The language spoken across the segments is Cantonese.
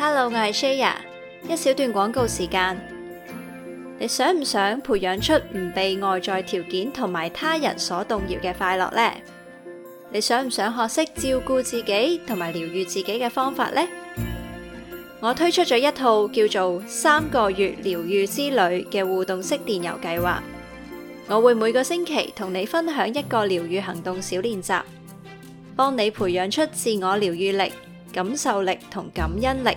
Hello，我係 Shaya，一小段廣告時間。你想唔想培養出唔被外在條件同埋他人所動搖嘅快樂呢？你想唔想學識照顧自己同埋療癒自己嘅方法呢？我推出咗一套叫做《三個月療癒之旅》嘅互動式電郵計劃。我會每個星期同你分享一個療癒行動小練習，幫你培養出自我療癒力、感受力同感恩力。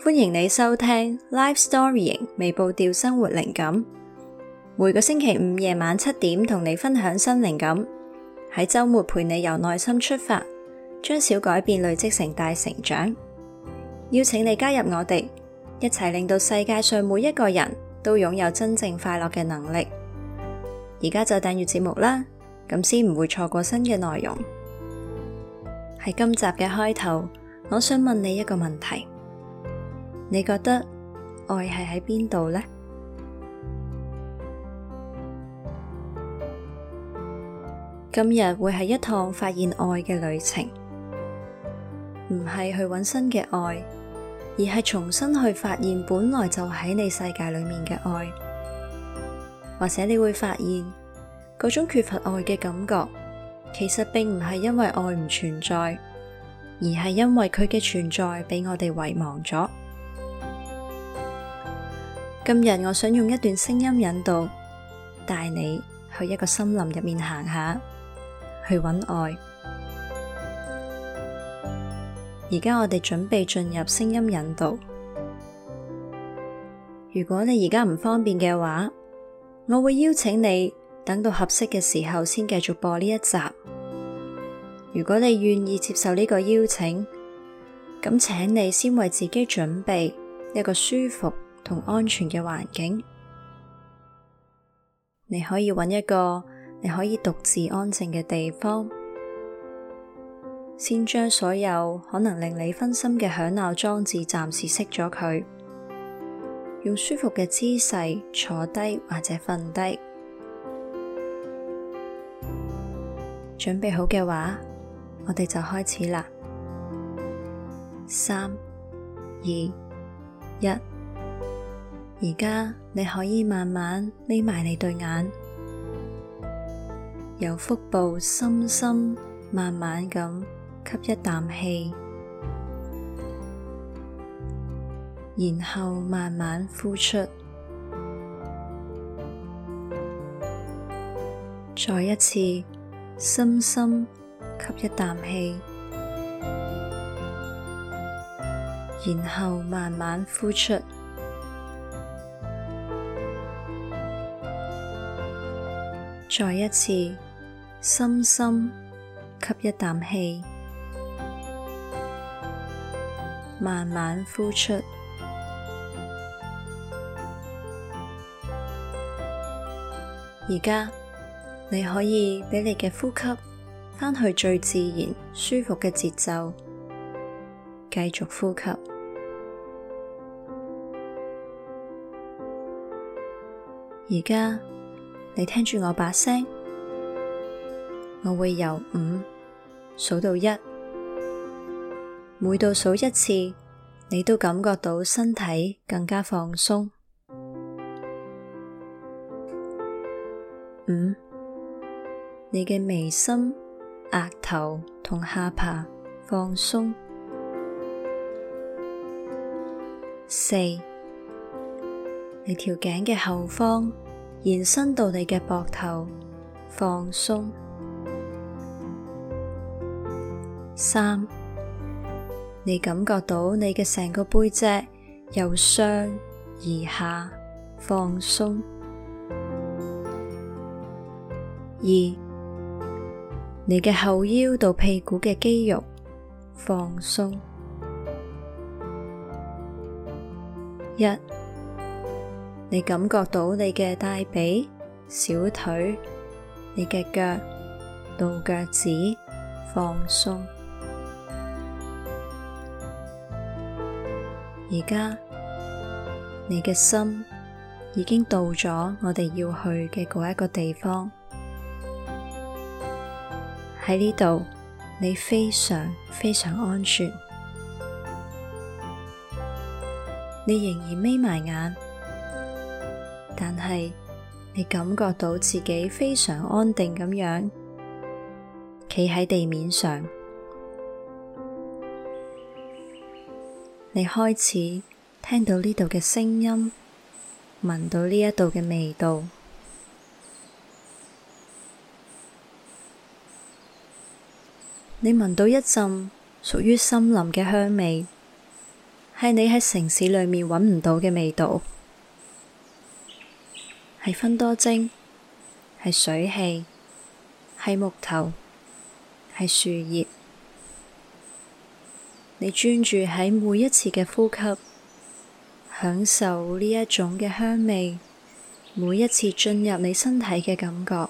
歡迎你收聽 Life Storying 微步調生活靈感，每個星期五夜晚七點同你分享新靈感，喺周末陪你由內心出發，將小改變累積成大成長。邀請你加入我哋，一齊令到世界上每一個人都擁有真正快樂嘅能力。而家就訂閱節目啦，咁先唔會錯過新嘅內容。喺今集嘅開頭，我想問你一個問題。你覺得愛係喺邊度呢？今日會係一趟發現愛嘅旅程，唔係去揾新嘅愛，而係重新去發現本來就喺你世界裏面嘅愛。或者你會發現嗰種缺乏愛嘅感覺，其實並唔係因為愛唔存在，而係因為佢嘅存在俾我哋遺忘咗。今日我想用一段聲音引導，帶你去一個森林入面行下，去搵愛。而家我哋準備進入聲音引導。如果你而家唔方便嘅話，我會邀請你等到合適嘅時候先繼續播呢一集。如果你願意接受呢個邀請，咁請你先為自己準備一個舒服同安全嘅環境，你可以揾一個你可以獨自安靜嘅地方，先將所有可能令你分心嘅響鬧裝置暫時熄咗佢，用舒服嘅姿勢坐低或者瞓低，準備好嘅話，我哋就開始啦，三、二、一。而家你可以慢慢眯埋你對眼，由腹部深深慢慢咁吸一啖氣，然後慢慢呼出，再一次深深吸一啖氣，然後慢慢呼出。再一次深深吸一啖氣，慢慢呼出。而家你可以畀你嘅呼吸返去最自然舒服嘅節奏，繼續呼吸。而家。你聽住我把聲，我會由五數到一，每度數一次，你都感覺到身體更加放鬆。五，你嘅眉心、額頭同下巴放鬆。四，你條頸嘅後方。延伸到你嘅膊頭，放鬆。三，你感覺到你嘅成個背脊由上而下放鬆。二，你嘅後腰到屁股嘅肌肉放鬆。一。你感覺到你嘅大髀、小腿、你嘅腳同腳趾放鬆。而家你嘅心已經到咗我哋要去嘅嗰一個地方。喺呢度，你非常非常安全。你仍然眯埋眼。係你感覺到自己非常安定咁樣，企喺地面上。你開始聽到呢度嘅聲音，聞到呢一度嘅味道。你聞到一陣屬於森林嘅香味，係你喺城市裏面揾唔到嘅味道。係芬多精，係水汽，係木頭，係樹葉。你專注喺每一次嘅呼吸，享受呢一種嘅香味，每一次進入你身體嘅感覺，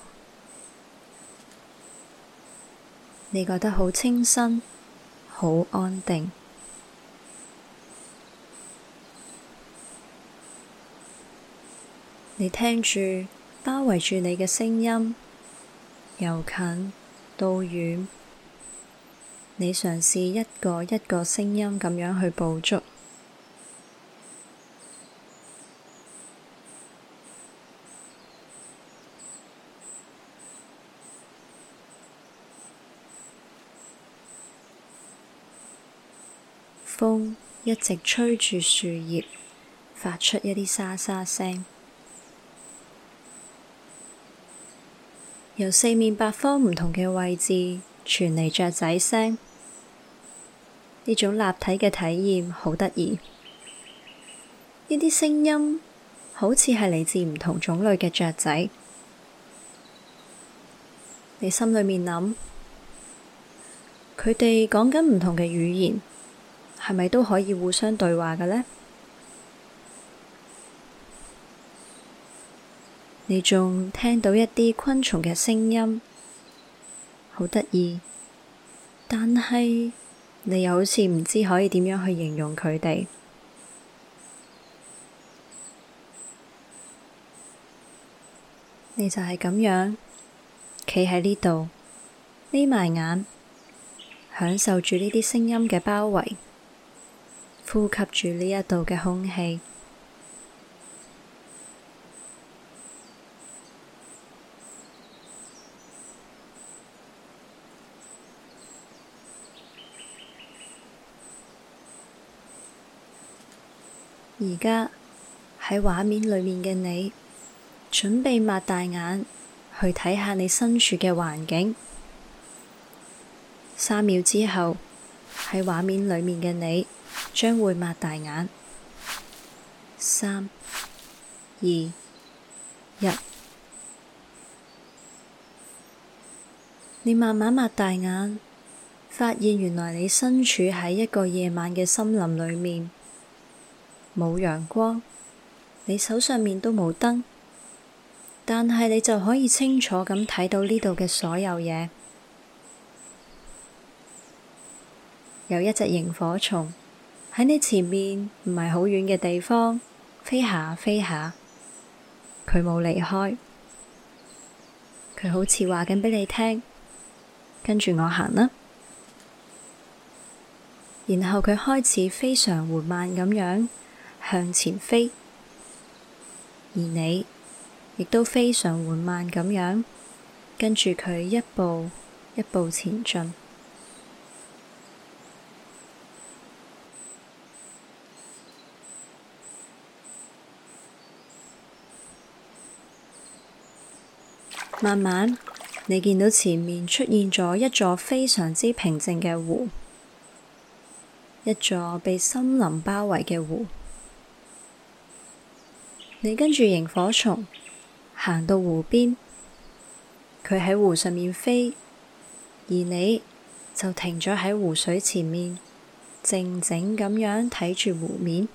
你覺得好清新，好安定。你聽住包圍住你嘅聲音，由近到遠。你嘗試一個一個聲音咁樣去捕捉。風一直吹住樹葉，發出一啲沙沙聲。由四面八方唔同嘅位置傳嚟雀仔聲，呢種立體嘅體驗好得意。呢啲聲音好似係嚟自唔同種類嘅雀仔，你心裏面諗，佢哋講緊唔同嘅語言，係咪都可以互相對話嘅呢？你仲聽到一啲昆蟲嘅聲音，好得意。但係你又好似唔知可以點樣去形容佢哋。你就係咁樣企喺呢度，眯埋眼，享受住呢啲聲音嘅包圍，呼吸住呢一度嘅空氣。而家喺畫面裏面嘅你，準備擘大眼去睇下你身處嘅環境。三秒之後，喺畫面裏面嘅你將會擘大眼。三、二、一，你慢慢擘大眼，發現原來你身處喺一個夜晚嘅森林裏面。冇陽光，你手上面都冇燈，但係你就可以清楚咁睇到呢度嘅所有嘢。有一隻螢火蟲喺你前面唔係好遠嘅地方飛下飛下，佢冇離開，佢好似話緊俾你聽，跟住我行啦。然後佢開始非常緩慢咁樣。向前飛，而你亦都非常緩慢咁樣跟住佢一步一步前進。慢慢，你見到前面出現咗一座非常之平靜嘅湖，一座被森林包圍嘅湖。你跟住螢火蟲行到湖邊，佢喺湖上面飛，而你就停咗喺湖水前面，靜靜咁樣睇住湖面。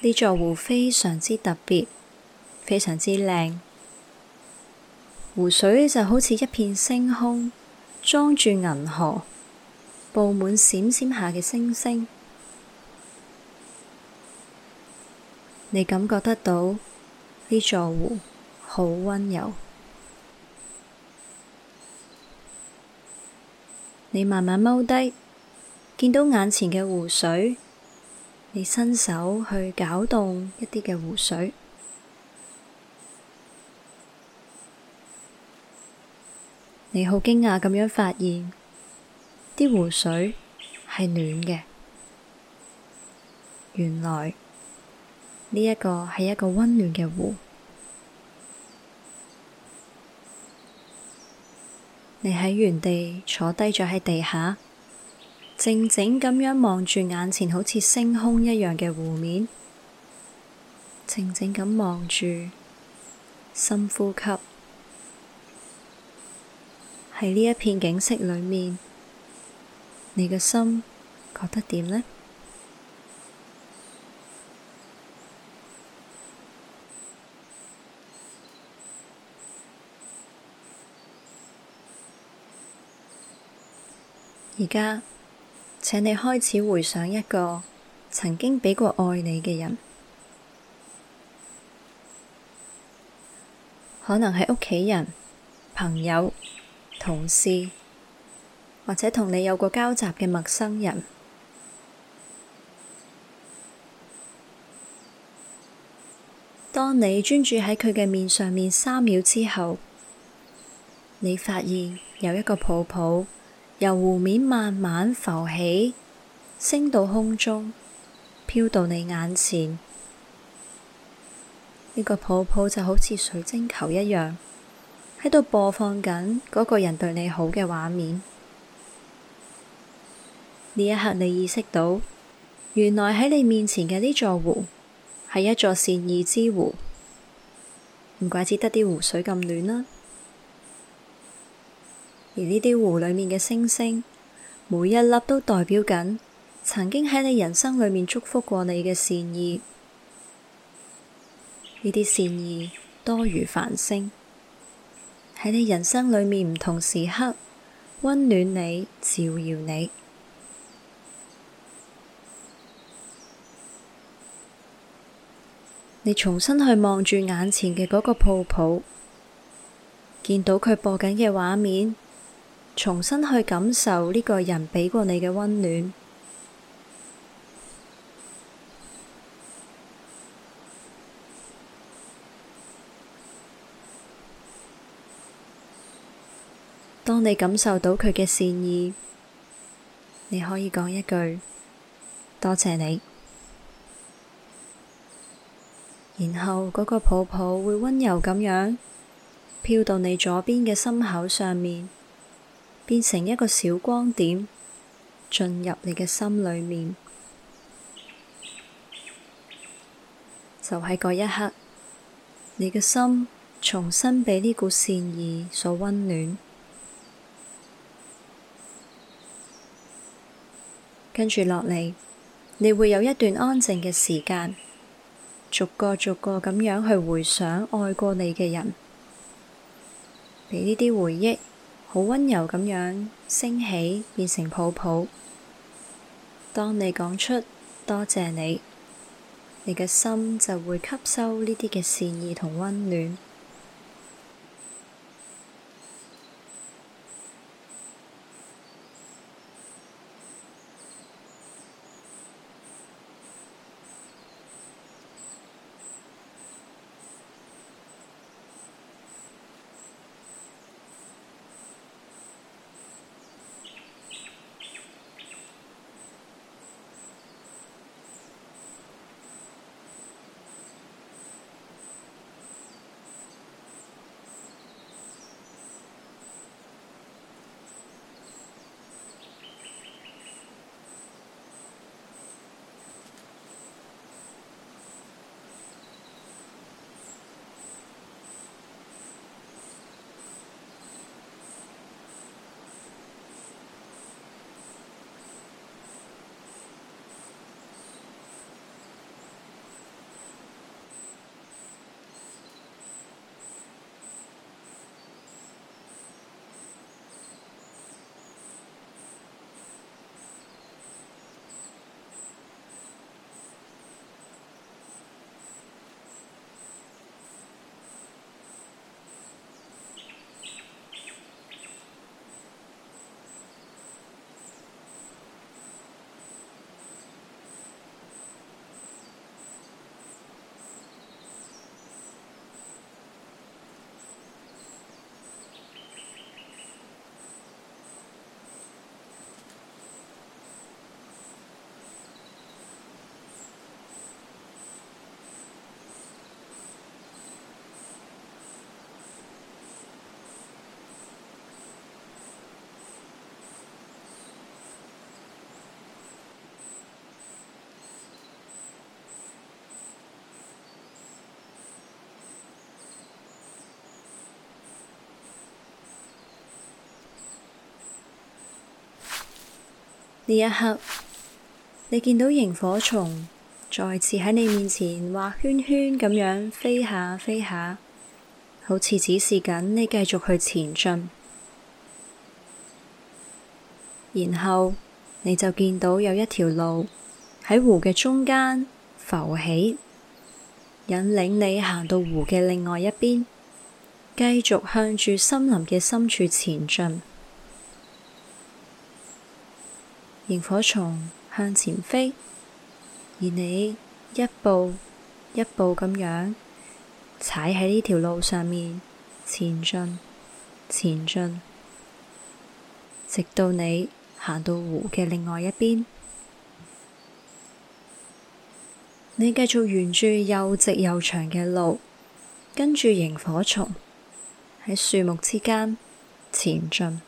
呢座湖非常之特別，非常之靚。湖水就好似一片星空，裝住銀河，佈滿閃閃下嘅星星。你感覺得到呢座湖好溫柔。你慢慢踎低，見到眼前嘅湖水，你伸手去攪動一啲嘅湖水。你好驚訝咁樣發現，啲湖水係暖嘅。原來。呢一個係一個溫暖嘅湖，你喺原地坐低咗喺地下，靜靜咁樣望住眼前好似星空一樣嘅湖面，靜靜咁望住，深呼吸，喺呢一片景色裏面，你嘅心覺得點呢？而家，請你開始回想一個曾經畀過愛你嘅人，可能係屋企人、朋友、同事，或者同你有過交集嘅陌生人。當你專注喺佢嘅面上面三秒之後，你發現有一個抱抱，由湖面慢慢浮起，升到空中，飄到你眼前。呢個泡泡就好似水晶球一樣，喺度播放緊嗰個人對你好嘅畫面。呢一刻你意識到，原來喺你面前嘅呢座湖係一座善意之湖，唔怪只得啲湖水咁暖啦。而呢啲湖裏面嘅星星，每一粒都代表緊曾經喺你人生裏面祝福過你嘅善意。呢啲善意多如繁星，喺你人生裏面唔同時刻温暖你、照耀你。你重新去望住眼前嘅嗰個泡泡，見到佢播緊嘅畫面。重新去感受呢個人畀過你嘅溫暖。當你感受到佢嘅善意，你可以講一句多謝你。然後嗰個抱抱會溫柔咁樣飄到你左邊嘅心口上面。變成一個小光點，進入你嘅心裡面，就喺嗰一刻，你嘅心重新被呢股善意所溫暖。跟住落嚟，你會有一段安靜嘅時間，逐個逐個咁樣去回想愛過你嘅人，俾呢啲回憶。好溫柔咁樣升起，變成泡泡。當你講出多謝你，你嘅心就會吸收呢啲嘅善意同溫暖。呢一刻，你見到螢火蟲再次喺你面前畫圈圈咁樣飛下飛下，好似指示緊你繼續去前進。然後你就見到有一條路喺湖嘅中間浮起，引領你行到湖嘅另外一邊，繼續向住森林嘅深處前進。螢火蟲向前飛，而你一步一步咁樣踩喺呢條路上面前進，前進，直到你行到湖嘅另外一邊。你繼續沿住又直又長嘅路，跟住螢火蟲喺樹木之間前進。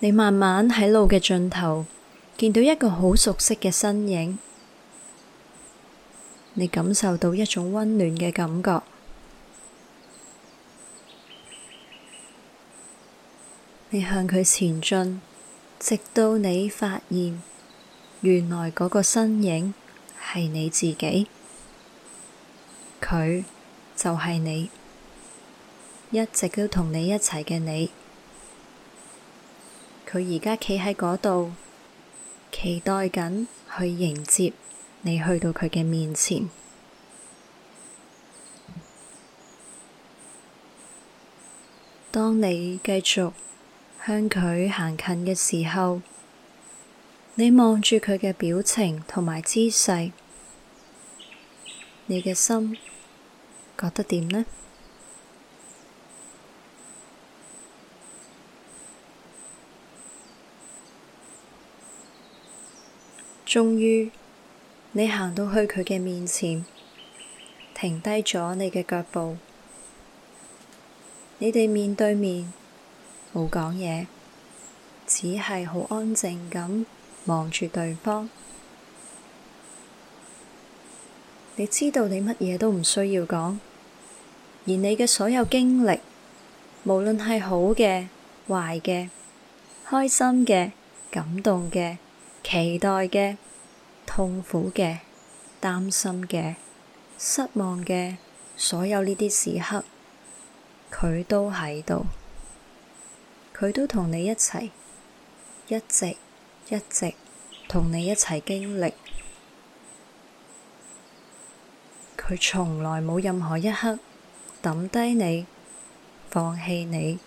你慢慢喺路嘅盡頭見到一個好熟悉嘅身影，你感受到一種溫暖嘅感覺。你向佢前進，直到你發現原來嗰個身影係你自己，佢就係你，一直都同你一齊嘅你。佢而家企喺嗰度，期待緊去迎接你去到佢嘅面前。當你繼續向佢行近嘅時候，你望住佢嘅表情同埋姿勢，你嘅心覺得點呢？終於，你行到去佢嘅面前，停低咗你嘅腳步。你哋面對面，冇講嘢，只係好安靜咁望住對方。你知道你乜嘢都唔需要講，而你嘅所有經歷，無論係好嘅、壞嘅、開心嘅、感動嘅，期待嘅、痛苦嘅、擔心嘅、失望嘅，所有呢啲時刻，佢都喺度，佢都同你一齊，一直一直同你一齊經歷，佢從來冇任何一刻抌低你、放棄你、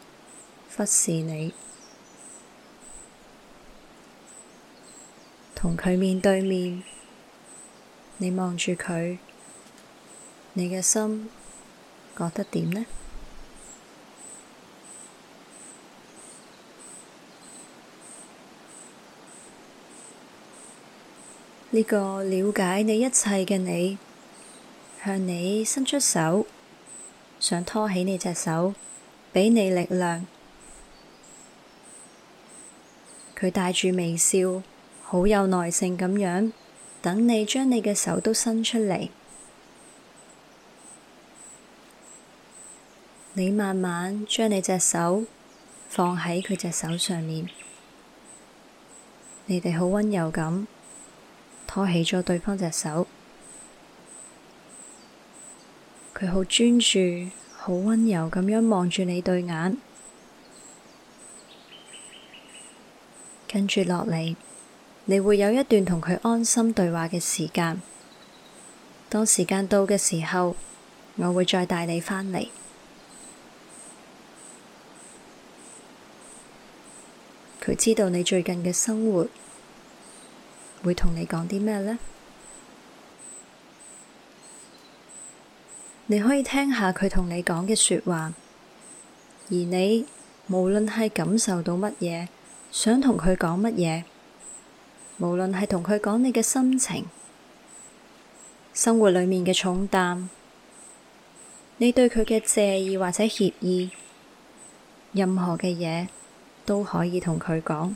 忽視你。同佢面對面，你望住佢，你嘅心覺得點呢？呢個了解你一切嘅你，向你伸出手，想拖起你隻手，畀你力量。佢帶住微笑。好有耐性咁樣等你將你嘅手都伸出嚟。你慢慢將你隻手放喺佢隻手上面，你哋好溫柔咁拖起咗對方隻手，佢好專注、好溫柔咁樣望住你對眼，跟住落嚟。你會有一段同佢安心對話嘅時間。當時間到嘅時候，我會再帶你返嚟。佢知道你最近嘅生活，會同你講啲咩呢？你可以聽下佢同你講嘅說話，而你無論係感受到乜嘢，想同佢講乜嘢。無論係同佢講你嘅心情、生活裏面嘅重擔、你對佢嘅介意或者歉意，任何嘅嘢都可以同佢講。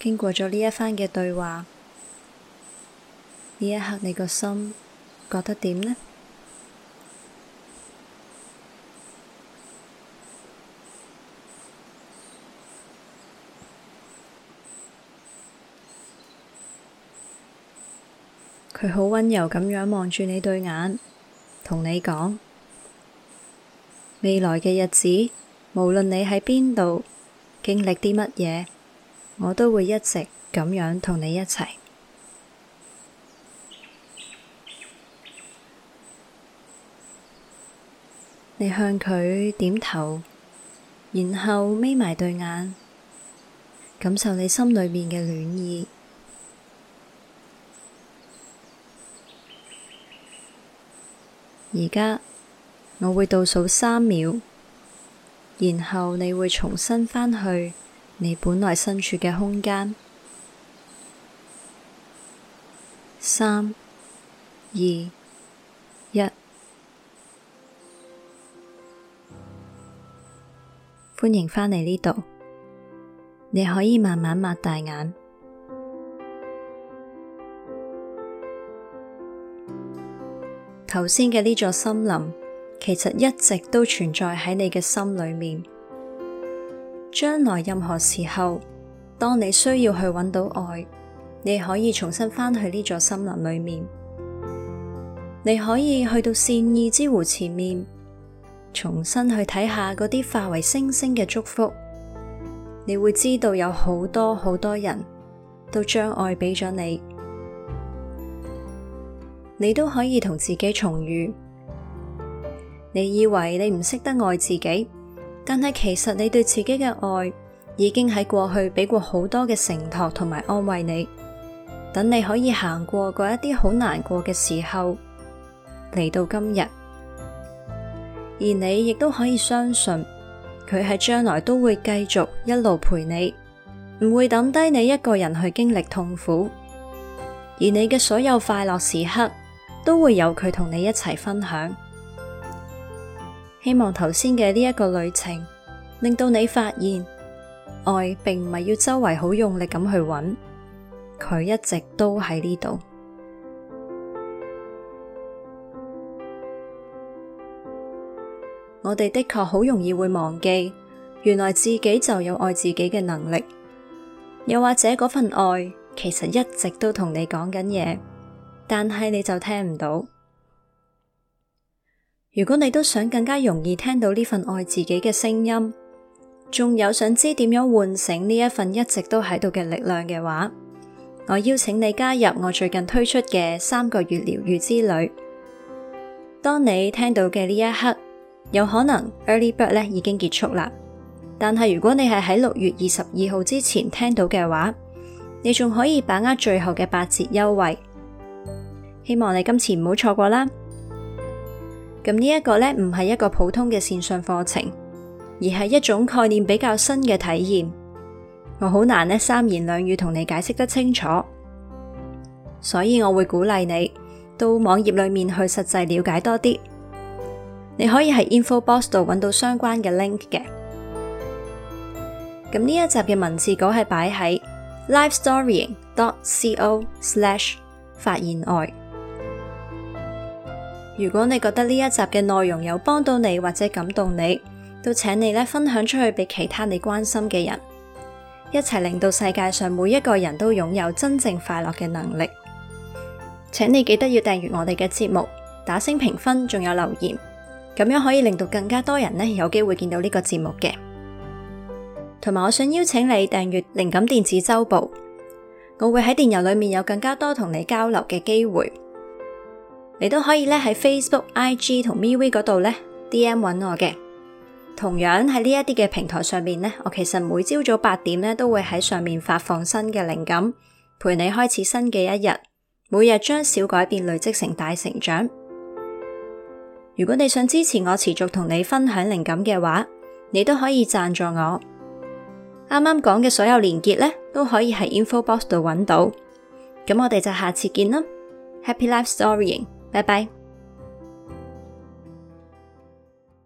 經過咗呢一番嘅對話，呢一刻你個心覺得點呢？佢好溫柔咁樣望住你對眼，同你講：未來嘅日子，無論你喺邊度，經歷啲乜嘢。我都會一直咁樣同你一齊。你向佢點頭，然後眯埋對眼，感受你心裏面嘅暖意。而家我會倒數三秒，然後你會重新翻去。你本來身處嘅空間，三、二、一，歡迎返嚟呢度。你可以慢慢擘大眼。頭先嘅呢座森林，其實一直都存在喺你嘅心裏面。將來任何時候，當你需要去揾到愛，你可以重新翻去呢座森林裏面，你可以去到善意之湖前面，重新去睇下嗰啲化為星星嘅祝福，你會知道有好多好多人都將愛俾咗你，你都可以同自己重遇。你以為你唔識得愛自己？但係其實你對自己嘅愛，已經喺過去俾過好多嘅承托同埋安慰你，等你可以行過嗰一啲好難過嘅時候嚟到今日，而你亦都可以相信佢喺將來都會繼續一路陪你，唔會抌低你一個人去經歷痛苦，而你嘅所有快樂時刻，都會有佢同你一齊分享。希望頭先嘅呢一個旅程，令到你發現，愛並唔係要周圍好用力咁去搵，佢一直都喺呢度。 我哋的確好容易會忘記，原來自己就有愛自己嘅能力，又或者嗰份愛其實一直都同你講緊嘢，但係你就聽唔到。如果你都想更加容易聽到呢份愛自己嘅聲音，仲有想知點樣喚醒呢一份一直都喺度嘅力量嘅話，我邀請你加入我最近推出嘅三個月療癒之旅。當你聽到嘅呢一刻，有可能 Early Bird 已經結束啦。但係如果你係喺六月二十二號之前聽到嘅話，你仲可以把握最後嘅八折優惠。希望你今次唔好錯過啦。咁呢一個咧唔係一個普通嘅線上課程，而係一種概念比較新嘅體驗。我好難呢三言兩語同你解釋得清楚，所以我會鼓勵你到網頁裡面去實際了解多啲。你可以喺 InfoBox 度揾到相關嘅 link 嘅。咁呢一集嘅文字稿係擺喺 LifeStorying.co/ 發現愛。如果你覺得呢一集嘅內容有幫到你或者感動你，都請你咧分享出去俾其他你關心嘅人，一齊令到世界上每一個人都擁有真正快樂嘅能力。請你記得要訂閱我哋嘅節目，打聲評分，仲有留言，咁樣可以令到更加多人咧有機會見到呢個節目嘅。同埋，我想邀請你訂閱靈感電子周報，我會喺電郵裡面有更加多同你交流嘅機會。你都可以咧喺 Facebook、IG 同 MeWe 嗰度咧 DM 揾我嘅。同樣喺呢一啲嘅平台上面咧，我其實每朝早八點咧都會喺上面發放新嘅靈感，陪你開始新嘅一日。每日將小改變累積成大成長。如果你想支持我持續同你分享靈感嘅話，你都可以贊助我。啱啱講嘅所有連結咧都可以喺 Info Box 度揾到。咁我哋就下次見啦。Happy Life Storying。拜拜。